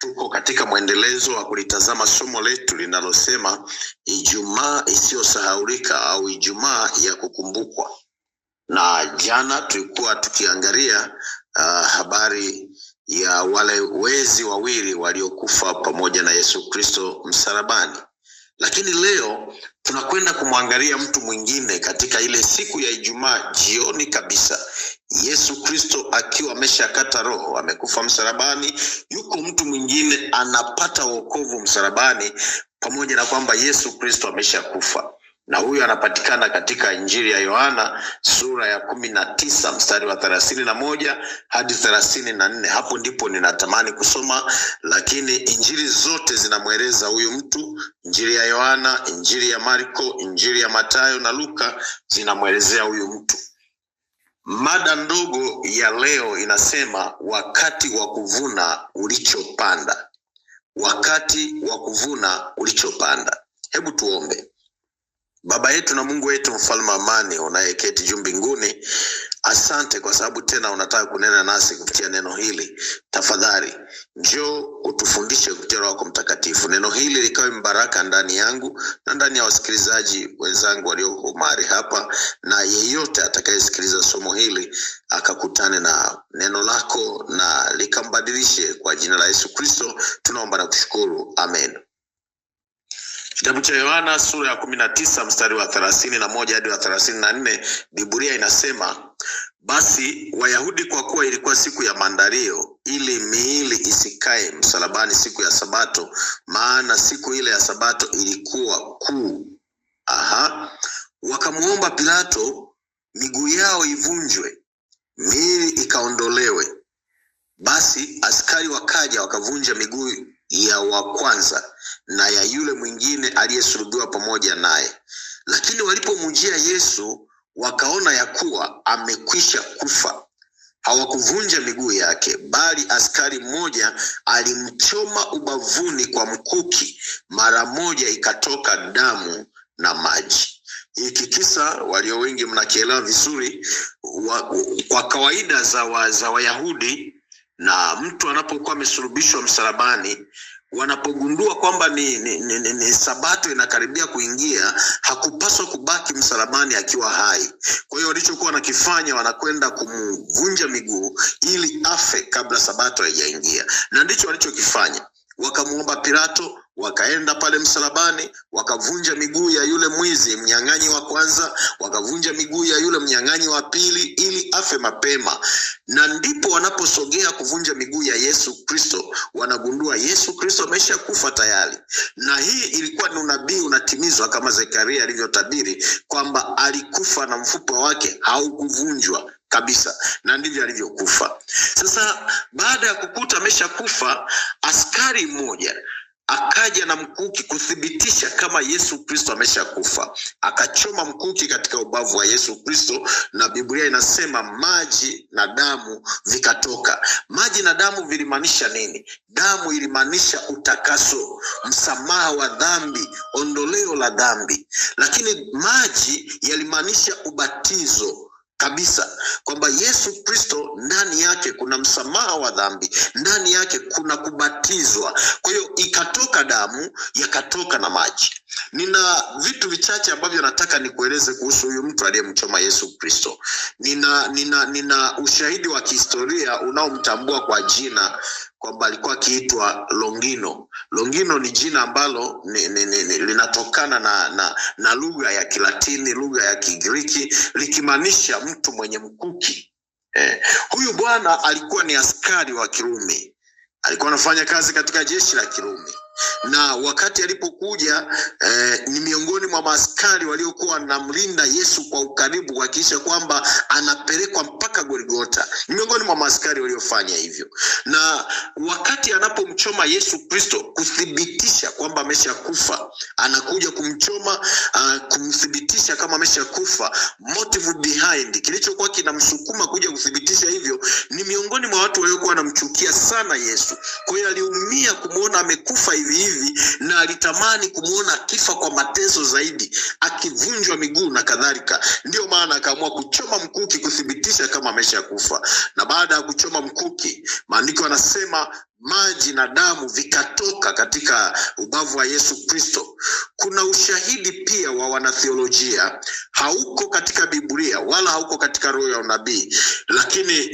Tuko katika mwendelezo wa kulitazama somo letu linalosema Ijumaa isiyosahaulika au Ijumaa ya kukumbukwa, na jana tulikuwa tukiangalia uh, habari ya wale wezi wawili waliokufa pamoja na Yesu Kristo msalabani. Lakini leo tunakwenda kumwangalia mtu mwingine katika ile siku ya Ijumaa jioni kabisa, Yesu Kristo akiwa ameshakata roho, amekufa msalabani. Yuko mtu mwingine anapata wokovu msalabani, pamoja na kwamba Yesu Kristo ameshakufa na huyu anapatikana katika Injili ya Yohana sura ya kumi na tisa mstari wa thelathini na moja hadi thelathini na nne. Hapo ndipo ninatamani kusoma, lakini injili zote zinamweleza huyu mtu. Injili ya Yohana, Injili ya Marko, Injili ya matayo na Luka zinamwelezea huyu mtu. Mada ndogo ya leo inasema wakati wa kuvuna ulichopanda, wakati wa kuvuna ulichopanda. Hebu tuombe. Baba yetu na Mungu wetu, mfalme amani, unayeketi juu mbinguni, asante kwa sababu tena unataka kunena nasi kupitia neno hili. Tafadhali njoo utufundishe kupitia Roho wako Mtakatifu, neno hili likawe mbaraka ndani yangu na ndani ya wasikilizaji wenzangu walioko mahali hapa, na yeyote atakayesikiliza somo hili akakutane na neno lako na likambadilishe. Kwa jina la Yesu Kristo tunaomba na kushukuru, amen. Kitabu cha Yohana sura ya kumi na tisa mstari wa thelathini na moja hadi wa thelathini na nne Biblia inasema basi Wayahudi kwa kuwa ilikuwa siku ya maandalio, ili miili isikae msalabani siku ya Sabato, maana siku ile ya Sabato ilikuwa kuu. Aha, wakamwomba Pilato miguu yao ivunjwe, miili ikaondolewe. Basi askari wakaja wakavunja miguu ya wa kwanza na ya yule mwingine aliyesulubiwa pamoja naye. Lakini walipomjia Yesu wakaona ya kuwa amekwisha kufa, hawakuvunja miguu yake, bali askari mmoja alimchoma ubavuni kwa mkuki, mara moja ikatoka damu na maji. Hiki kisa walio wengi mnakielewa vizuri. Kwa kawaida za, wa, za Wayahudi na mtu anapokuwa amesulubishwa msalabani, wanapogundua kwamba ni, ni, ni, ni, ni sabato inakaribia kuingia, hakupaswa kubaki msalabani akiwa hai. Kwa hiyo walichokuwa wanakifanya wanakwenda kumvunja miguu ili afe kabla sabato haijaingia, na ndicho walichokifanya wakamwomba Pilato, wakaenda pale msalabani, wakavunja miguu ya yule mwizi mnyang'anyi wa kwanza, wakavunja miguu ya yule mnyang'anyi wa pili ili afe mapema. Na ndipo wanaposogea kuvunja miguu ya Yesu Kristo, wanagundua Yesu Kristo ameshakufa tayari. Na hii ilikuwa ni unabii unatimizwa kama Zekaria alivyotabiri kwamba alikufa na mfupa wake haukuvunjwa kabisa, na ndivyo alivyokufa. Sasa baada ya kukuta ameshakufa, askari mmoja akaja na mkuki kuthibitisha kama Yesu Kristo ameshakufa. Akachoma mkuki katika ubavu wa Yesu Kristo, na Biblia inasema maji na damu vikatoka. Maji na damu vilimaanisha nini? Damu ilimaanisha utakaso, msamaha wa dhambi, ondoleo la dhambi, lakini maji yalimaanisha ubatizo kabisa kwamba Yesu Kristo ndani yake kuna msamaha wa dhambi, ndani yake kuna kubatizwa. Kwa hiyo ikatoka damu, yakatoka na maji. Nina vitu vichache ambavyo nataka nikueleze kuhusu huyu mtu aliyemchoma Yesu Kristo. Nina, nina, nina ushahidi wa kihistoria unaomtambua kwa jina kwamba alikuwa akiitwa Longino. Longino ni jina ambalo ni, ni, ni, ni, linatokana na, na, na lugha ya Kilatini, lugha ya Kigiriki likimaanisha mtu mwenye mkuki. Eh, huyu bwana alikuwa ni askari wa Kirumi, alikuwa anafanya kazi katika jeshi la Kirumi na wakati alipokuja eh, ni miongoni mwa maaskari waliokuwa wanamlinda Yesu kwa ukaribu kuhakikisha kwamba anapelekwa mpaka Golgota. Ni miongoni mwa maaskari waliofanya hivyo, na wakati anapomchoma Yesu Kristo kuthibitisha kwamba ameshakufa, anakuja kumchoma uh, kumthibitisha kama ameshakufa. Motive behind kilichokuwa kinamsukuma kuja kuthibitisha hivyo, ni miongoni mwa watu waliokuwa wanamchukia sana Yesu, kwa hiyo aliumia kumwona amekufa hivyo hivi hivi, na alitamani kumwona akifa kwa mateso zaidi, akivunjwa miguu na kadhalika. ndio maana akaamua kuchoma mkuki kuthibitisha kama ameshakufa. Na baada ya kuchoma mkuki, maandiko anasema maji na damu vikatoka katika ubavu wa Yesu Kristo. Kuna ushahidi pia wa wanatheolojia, hauko katika Biblia wala hauko katika roho ya unabii, lakini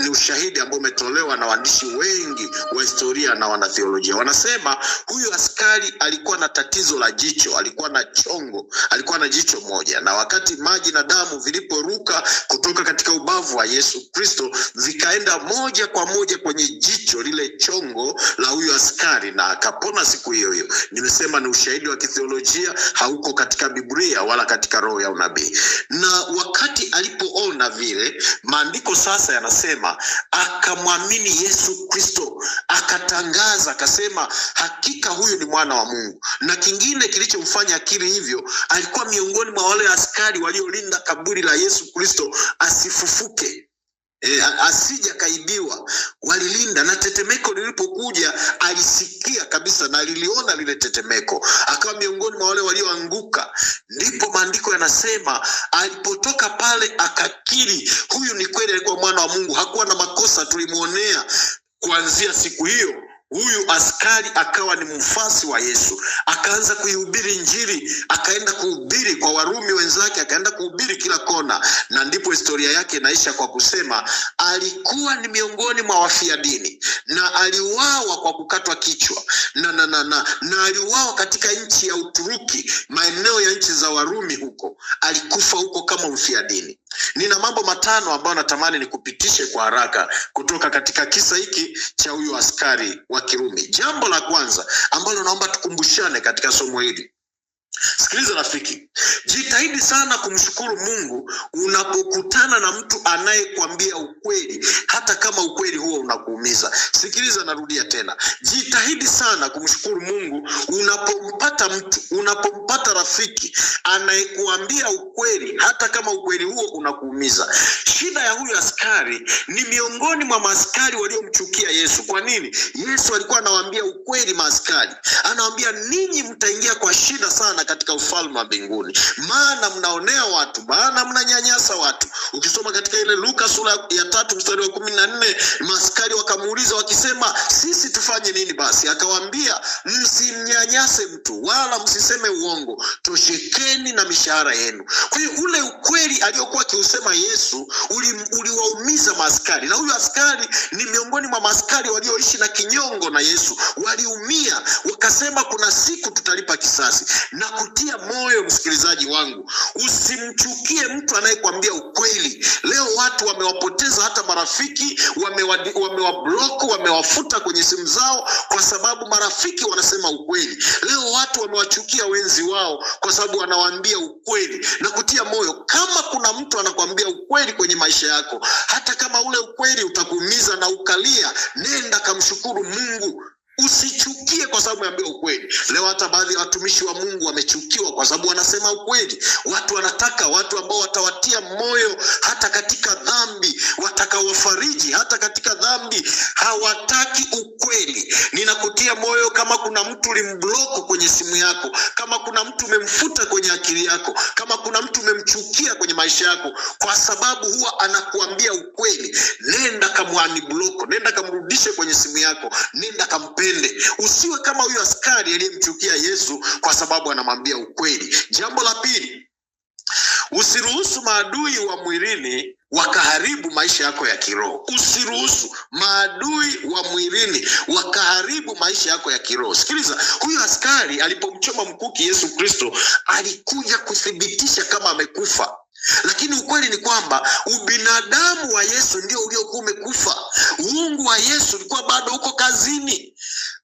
ni ushahidi ambao umetolewa na waandishi wengi wa historia na wanatheolojia. Wanasema huyu askari alikuwa na tatizo la jicho, alikuwa na chongo, alikuwa na jicho moja, na wakati maji na damu viliporuka kutoka katika ubavu wa Yesu Kristo, vikaenda moja kwa moja kwenye jicho lile chongo la huyu askari na akapona siku hiyo hiyo. Nimesema ni ushahidi wa kitheolojia hauko katika Biblia wala katika roho ya unabii. Na wakati alipoona vile, maandiko sasa yanasema akamwamini Yesu Kristo, akatangaza akasema, hakika huyu ni mwana wa Mungu. Na kingine kilichomfanya akili hivyo, alikuwa miongoni mwa wale askari waliolinda kaburi la Yesu Kristo asifufuke E, asija kaibiwa. Walilinda na tetemeko lilipokuja, alisikia kabisa na aliliona lile tetemeko, akawa miongoni mwa wale walioanguka. Ndipo maandiko yanasema alipotoka pale akakiri, huyu ni kweli alikuwa mwana wa Mungu, hakuwa na makosa, tulimwonea kuanzia siku hiyo huyu askari akawa ni mfasi wa Yesu, akaanza kuihubiri Injili, akaenda kuhubiri kwa Warumi wenzake, akaenda kuhubiri kila kona, na ndipo historia yake inaisha kwa kusema alikuwa ni miongoni mwa wafia dini na aliuawa kwa kukatwa kichwa na, na, na, na, na aliuawa katika nchi ya Uturuki, maeneo ya nchi za Warumi huko, alikufa huko kama mfia dini. Nina mambo matano ambayo natamani ni kupitishe kwa haraka kutoka katika kisa hiki cha huyu askari wa Kirumi. Jambo la kwanza ambalo naomba tukumbushane katika somo hili Sikiliza rafiki, jitahidi sana kumshukuru Mungu unapokutana na mtu anayekwambia ukweli, hata kama ukweli huo unakuumiza. Sikiliza, narudia tena, jitahidi sana kumshukuru Mungu unapompata mtu, unapompata rafiki anayekuambia ukweli, hata kama ukweli huo unakuumiza. Shida ya huyu askari ni miongoni mwa maaskari waliomchukia Yesu. Kwa nini? Yesu alikuwa anawaambia ukweli maaskari, anawaambia ninyi mtaingia kwa shida sana sana katika ufalme wa mbinguni, maana mnaonea watu, maana mnanyanyasa watu. Ukisoma katika ile Luka sura ya tatu mstari wa kumi na nne maskari wakamuuliza wakisema, sisi tufanye nini basi? Akawaambia, msimnyanyase mtu wala msiseme uongo, toshekeni na mishahara yenu. Kwa hiyo ule ukweli aliyokuwa akiusema Yesu uliwaumiza uli maskari, na huyu askari ni miongoni mwa maskari walioishi na kinyongo na Yesu, waliumia wakasema, kuna siku tutalipa kisasi na kutia moyo msikilizaji wangu, usimchukie mtu anayekwambia ukweli. Leo watu wamewapoteza hata marafiki, wamewablock, wamewafuta kwenye simu zao kwa sababu marafiki wanasema ukweli. Leo watu wamewachukia wenzi wao kwa sababu wanawaambia ukweli. Na kutia moyo, kama kuna mtu anakwambia ukweli kwenye maisha yako, hata kama ule ukweli utakuumiza na ukalia, nenda kamshukuru Mungu Usichukie kwa sababu umeambiwa ukweli. Leo hata baadhi ya watumishi wa Mungu wamechukiwa kwa sababu wanasema ukweli. Watu wanataka watu ambao watawatia moyo hata katika dhambi, watakawafariji hata katika dhambi, hawataki ukweli. Ninakutia moyo kama kuna mtu ulimbloku kwenye simu yako, kama kuna mtu umemfuta kwenye akili yako, kama kuna mtu umemchukia kwenye maisha yako, kwa sababu huwa anakuambia ukweli, nenda bloko, nenda kamrudishe kwenye simu yako, nenda kampe upende, usiwe kama huyo askari aliyemchukia Yesu kwa sababu anamwambia ukweli. Jambo la pili, usiruhusu maadui wa mwilini wakaharibu maisha yako ya kiroho. Usiruhusu maadui wa mwilini wakaharibu maisha yako ya kiroho. Sikiliza, huyu askari alipomchoma mkuki Yesu Kristo alikuja kuthibitisha kama amekufa lakini ukweli ni kwamba ubinadamu wa Yesu ndio uliokuwa umekufa. Uungu wa Yesu ulikuwa bado uko kazini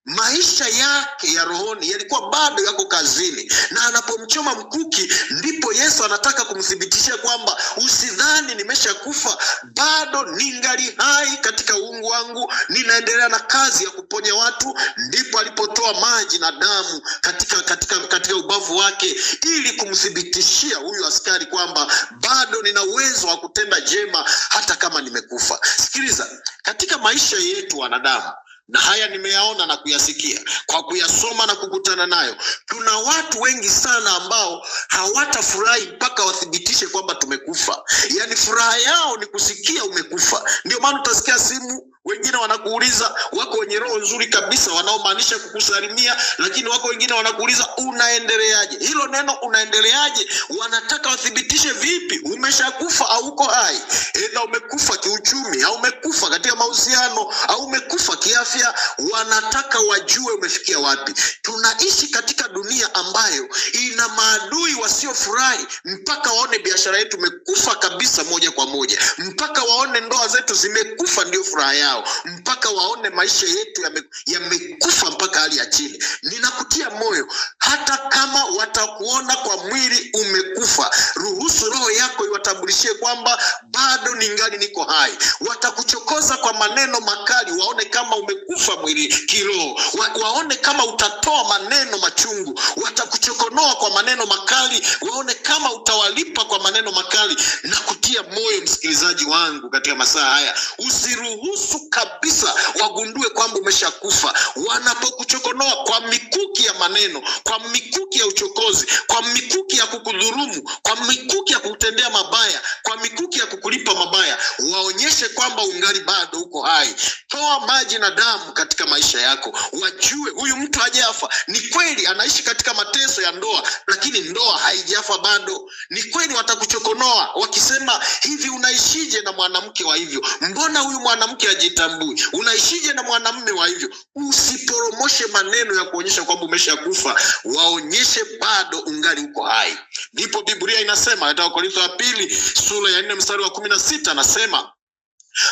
maisha yake ya rohoni yalikuwa bado yako kazini, na anapomchoma mkuki, ndipo Yesu anataka kumthibitishia kwamba usidhani nimeshakufa, bado ningali hai katika uungu wangu, ninaendelea na kazi ya kuponya watu. Ndipo alipotoa maji na damu katika, katika, katika ubavu wake ili kumthibitishia huyu askari kwamba bado nina uwezo wa kutenda jema hata kama nimekufa. Sikiliza, katika maisha yetu wanadamu na haya nimeyaona na kuyasikia kwa kuyasoma na kukutana nayo. Tuna watu wengi sana ambao hawatafurahi mpaka wathibitishe kwamba tumekufa. Yaani furaha yao ni kusikia umekufa. Ndio maana utasikia simu wengine wanakuuliza, wako wenye roho nzuri kabisa, wanaomaanisha kukusalimia, lakini wako wengine wanakuuliza unaendeleaje. Hilo neno unaendeleaje, wanataka wathibitishe vipi? Umeshakufa au uko hai? Aidha umekufa kiuchumi, au umekufa katika mahusiano, au umekufa kiafya. Wanataka wajue umefikia wapi. Tunaishi katika dunia ambayo ina maadui wasiofurahi mpaka waone biashara yetu imekufa kabisa moja kwa moja, mpaka waone ndoa zetu zimekufa, ndio furaha yao yao mpaka waone maisha yetu yamekufa ya mpaka hali ya chini. Ninakutia moyo hata kama watakuona kwa mwili umekufa, ruhusu roho yako iwatambulishie kwamba bado ningali niko hai. Watakuchokoza kwa maneno makali, waone kama umekufa mwili kiroho, wa, waone kama utatoa maneno machungu. Watakuchokonoa kwa maneno makali, waone kama utawalipa kwa maneno makali na kutia moyo. Msikilizaji wangu, katika masaa haya usiruhusu kabisa wagundue kwamba umeshakufa. Wanapokuchokonoa kwa mikuki ya maneno, kwa mikuki ya uchokozi, kwa mikuki ya kukudhurumu, kwa mikuki ya kutendea mabaya, kwa mikuki ya kukulipa mabaya, waonyeshe kwamba ungali bado uko hai. Toa maji na damu katika maisha yako, wajue huyu mtu hajafa. Ni kweli anaishi katika mateso ya ndoa, lakini ndoa haijafa bado. Ni kweli watakuchokonoa wakisema, hivi unaishije na mwanamke wa hivyo? Mbona huyu mwanamke ajitambui Unaishije na mwanamme wa hivyo? Usiporomoshe maneno ya kuonyesha kwamba umeshakufa waonyeshe bado ungali uko hai. Ndipo Biblia inasema katika Wakorintho wa pili sura ya nne mstari wa kumi na sita anasema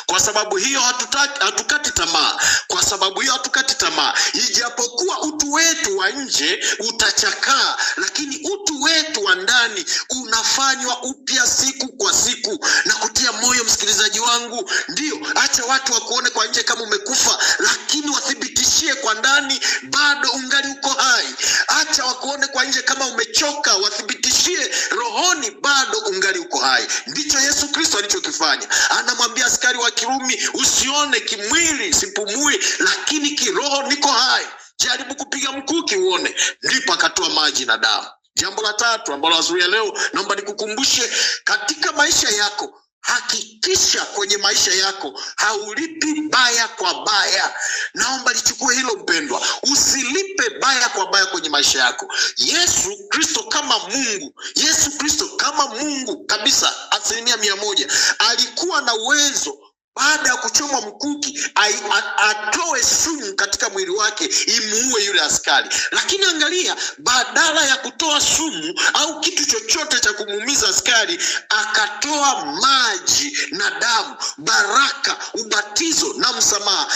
kwa sababu hiyo hatutaki, hatukati tamaa. Kwa sababu hiyo hatukati tamaa, ijapokuwa utu wetu wa nje utachakaa, lakini utu wetu wa ndani unafanywa upya siku kwa siku. Na kutia moyo msikilizaji wangu, ndio acha watu wakuone kwa nje kama umekufa, lakini wathibiti usiishie kwa ndani, bado ungali uko hai. Acha wakuone kwa nje kama umechoka, wathibitishie rohoni, bado ungali uko hai. Ndicho Yesu Kristo alichokifanya. Anamwambia askari wa Kirumi, usione kimwili sipumui, lakini kiroho niko hai. Jaribu kupiga mkuki uone. Ndipo akatoa maji na damu. Jambo la tatu ambalo azuri ya leo naomba nikukumbushe katika maisha yako Hakikisha kwenye maisha yako haulipi baya kwa baya. Naomba lichukue hilo mpendwa, usilipe baya kwa baya kwenye maisha yako. Yesu Kristo kama Mungu, Yesu Kristo kama Mungu kabisa, asilimia mia moja, alikuwa na uwezo baada ya kuchoma mkuki atoe sumu katika mwili wake imuue yule askari. Lakini angalia, badala ya kutoa sumu au kitu chochote cha kumuumiza askari, akatoa maji na damu, baraka, ubatizo na msamaha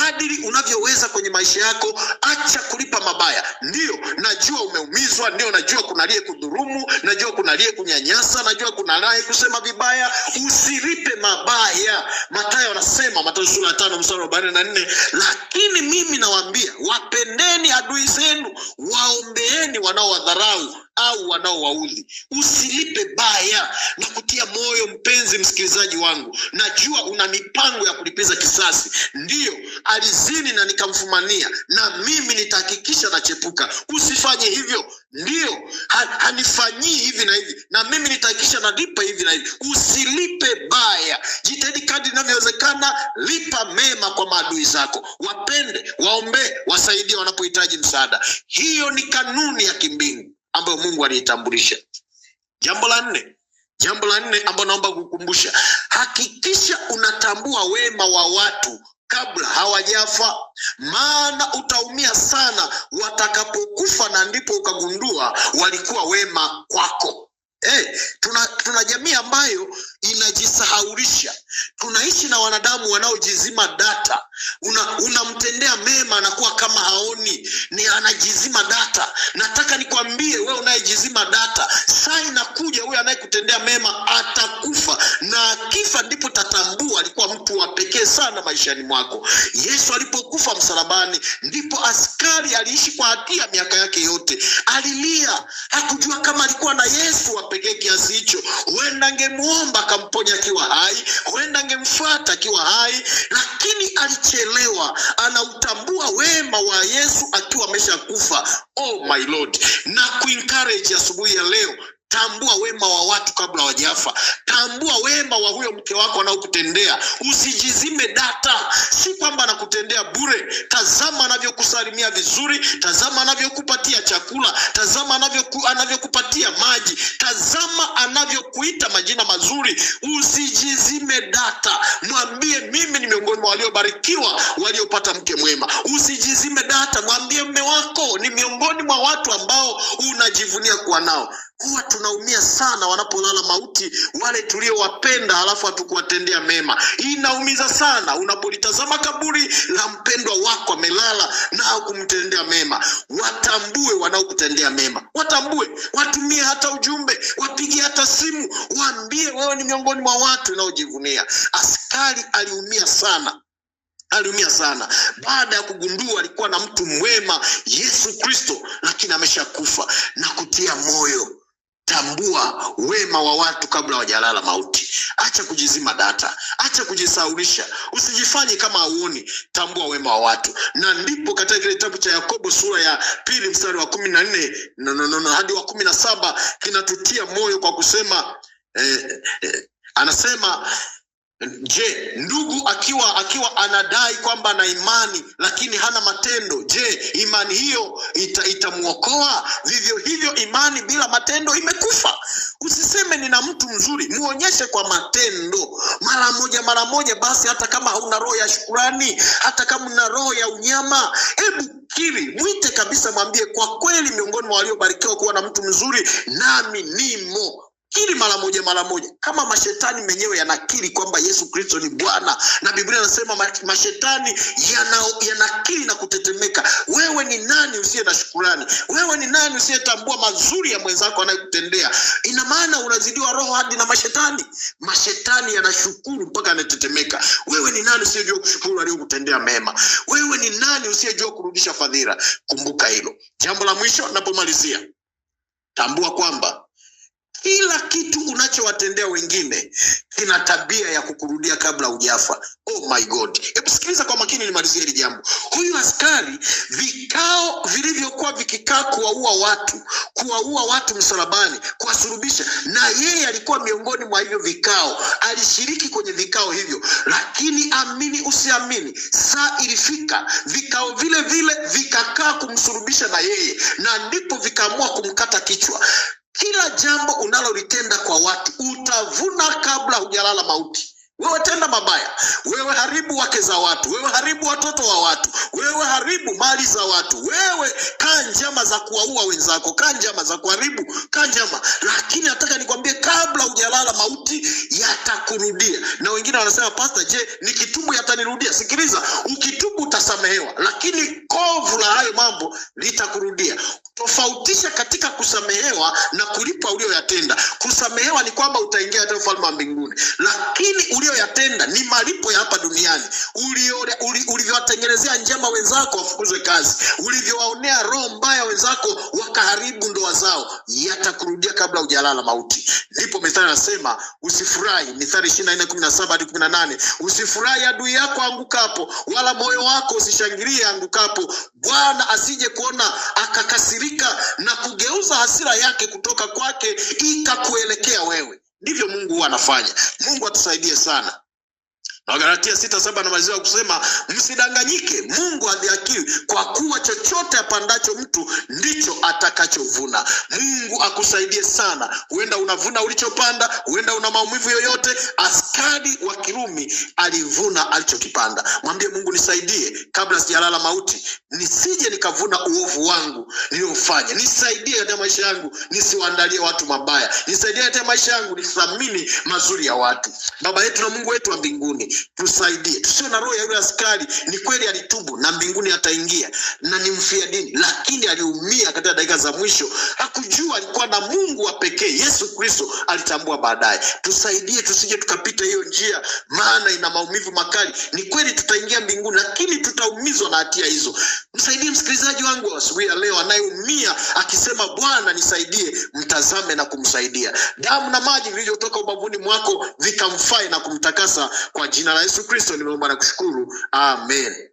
kadiri unavyoweza kwenye maisha yako, acha kulipa mabaya. ndio najua umeumizwa, ndio najua kuna aliye kudhurumu, najua kuna aliye kunyanyasa, najua kuna naye kusema vibaya. Usilipe mabaya. Matayo anasema, Matayo sura ya tano mstari arobaini na nne lakini mimi nawaambia, wapendeni adui zenu, waombeeni wanaowadharau au wanaowaudhi. Usilipe baya na kutia moyo, mpenzi msikilizaji wangu, najua una mipango ya kulipiza kisasi. Ndiyo, alizini na nikamfumania, na mimi nitahakikisha nachepuka. Usifanye hivyo. Ndiyo, hanifanyii hivi na hivi, na mimi nitahakikisha nalipa hivi na hivi. Usilipe baya, jitahidi kadi inavyowezekana, lipa mema kwa maadui zako, wapende, waombee, wasaidie wanapohitaji msaada. Hiyo ni kanuni ya kimbingu ambayo Mungu aliitambulisha. Jambo la nne, jambo la nne ambalo naomba kukumbusha, hakikisha unatambua wema wa watu kabla hawajafa, maana utaumia sana watakapokufa, na ndipo ukagundua walikuwa wema kwako. Eh, tuna, tuna jamii ambayo inajisahaulisha. Tunaishi na wanadamu wanaojizima data unamtendea una mema, anakuwa kama haoni, ni anajizima data. Nataka nikwambie wewe unayejizima data, saa inakuja huyo anayekutendea mema atakufa, na akifa ndipo tatambua alikuwa mtu wa pekee sana maishani mwako. Yesu alipokufa msalabani, ndipo askari aliishi kwa hatia miaka yake yote, alilia, hakujua kama alikuwa na Yesu wa pekee kiasi hicho. Huenda angemwomba akamponya akiwa hai, huenda angemfuata akiwa hai, lakini ali ameshachelewa, anautambua wema wa Yesu akiwa ameshakufa. Oh my Lord, na kuencourage asubuhi ya leo Tambua wema wa watu kabla wajafa. Tambua wema wa huyo mke wako anaokutendea, usijizime data. Si kwamba anakutendea bure. Tazama anavyokusalimia vizuri, tazama anavyokupatia chakula, tazama anavyoku, anavyokupatia maji, tazama anavyokuita majina mazuri. Usijizime data, mwambie mimi ni miongoni mwa waliobarikiwa waliopata mke mwema. Usijizime data, mwambie mme wako ni miongoni mwa watu ambao unajivunia kuwa nao. Huwa tunaumia sana wanapolala mauti wale tuliowapenda, alafu hatukuwatendea mema. Hii inaumiza sana unapolitazama kaburi la mpendwa wako amelala na kumtendea mema. Watambue wanaokutendea mema, watambue, watumie hata ujumbe, wapigie hata simu, waambie wewe ni miongoni mwa watu unaojivunia. Askari aliumia sana aliumia sana baada ya kugundua alikuwa na mtu mwema Yesu Kristo, lakini ameshakufa na kutia moyo Tambua wema wa watu kabla wajalala mauti. Acha kujizima data, acha kujisaulisha, usijifanye kama hauoni. Tambua wema wa watu, na ndipo katika kile kitabu cha Yakobo sura ya pili mstari wa kumi na nne no, no, no, hadi wa kumi na saba kinatutia moyo kwa kusema eh, eh, anasema Je, ndugu akiwa akiwa anadai kwamba ana imani lakini hana matendo, je, imani hiyo itamwokoa? Ita vivyo hivyo, imani bila matendo imekufa. Usiseme nina mtu mzuri, muonyeshe kwa matendo mara moja mara moja. Basi hata kama hauna roho ya shukurani, hata kama una roho ya unyama, hebu kiri, mwite kabisa, mwambie, kwa kweli miongoni mwa waliobarikiwa kuwa na mtu mzuri nami nimo kiri mara moja mara moja, kama mashetani menyewe yanakiri kwamba Yesu Kristo ni Bwana, na Biblia inasema mashetani yanakiri na kutetemeka. Wewe ni nani usiye na shukurani? Wewe ni nani usiyetambua mazuri ya mwenzako anayekutendea? Ina maana unazidiwa roho hadi na mashetani. Mashetani yanashukuru mpaka yanatetemeka. Wewe ni nani usiyejua kushukuru aliyokutendea mema? Wewe ni nani usiyejua kurudisha fadhila? Kumbuka hilo. Jambo la mwisho napomalizia, tambua kwamba kila kitu unachowatendea wengine kina tabia ya kukurudia kabla hujafa. Oh my God! Hebu sikiliza kwa makini, nimalizie hili jambo. Huyu askari, vikao vilivyokuwa vikikaa kuwaua watu, kuwaua watu msalabani, kuwasurubisha, na yeye alikuwa miongoni mwa hivyo vikao, alishiriki kwenye vikao hivyo. Lakini amini usiamini, saa ilifika, vikao vile vile vikakaa kumsurubisha na yeye, na ndipo vikaamua kumkata kichwa. Kila jambo unalolitenda kwa watu utavuna kabla hujalala mauti. Wewe tenda mabaya, wewe haribu wake za watu, wewe haribu watoto wa watu, wewe haribu mali za watu, wewe kaa njama za kuwaua wenzako, kaa njama za kuharibu, kaa njama. Lakini nataka nikwambie, kabla hujalala mauti yatakurudia. Na wengine wanasema pasta, je, nikitubu yatanirudia? Sikiliza, ukitubu utasamehewa, lakini kovu la hayo mambo litakurudia. Tofautisha katika kusamehewa na kulipa ulioyatenda. Kusamehewa ni kwamba utaingia hata ufalme wa mbinguni, lakini ulio uliyoyatenda ni malipo ya hapa duniani. Ulivyowatengenezea uli, njema wenzako wafukuzwe kazi, ulivyowaonea roho mbaya wenzako wakaharibu ndoa zao, yatakurudia kabla ujalala mauti. Ndipo mithali anasema usifurahi, Mithali ishirini na nne kumi na saba hadi kumi na nane usifurahi adui yako angukapo, wala moyo wako usishangilie angukapo, Bwana asije kuona akakasirika na kugeuza hasira yake kutoka kwake ikakuelekea wewe. Ndivyo Mungu huwa anafanya. Mungu atusaidie sana. Wagalatia sita saba maziwa kusema msidanganyike, Mungu hadhihakiwi, kwa kuwa chochote apandacho mtu ndicho atakachovuna. Mungu akusaidie sana. Huenda unavuna ulichopanda, huenda una maumivu yoyote. Askari wa Kirumi alivuna alichokipanda. Mwambie Mungu, nisaidie kabla sijalala mauti, nisije nikavuna uovu wangu niliofanya. Nisaidie katika maisha yangu, nisiwaandalie watu mabaya. Nisaidie katika maisha yangu, nithamini mazuri ya watu. Baba yetu na Mungu wetu wa mbinguni tusaidie, tusiwe na roho ya yule askari. Ni kweli alitubu na mbinguni ataingia na ni mfia dini, lakini aliumia katika dakika za mwisho. Hakujua alikuwa na Mungu wa pekee, Yesu Kristo, alitambua baadaye. Tusaidie tusije tukapita hiyo njia, maana ina maumivu makali. Ni kweli tutaingia mbinguni, lakini tutaumizwa na hatia hizo. Msaidie msikilizaji wangu wa asubuhi ya leo anayeumia akisema, Bwana nisaidie, mtazame na kumsaidia. Damu na maji vilivyotoka ubavuni mwako vikamfae na kumtakasa kwa jina jina la Yesu Kristo nimeomba na kushukuru, amen.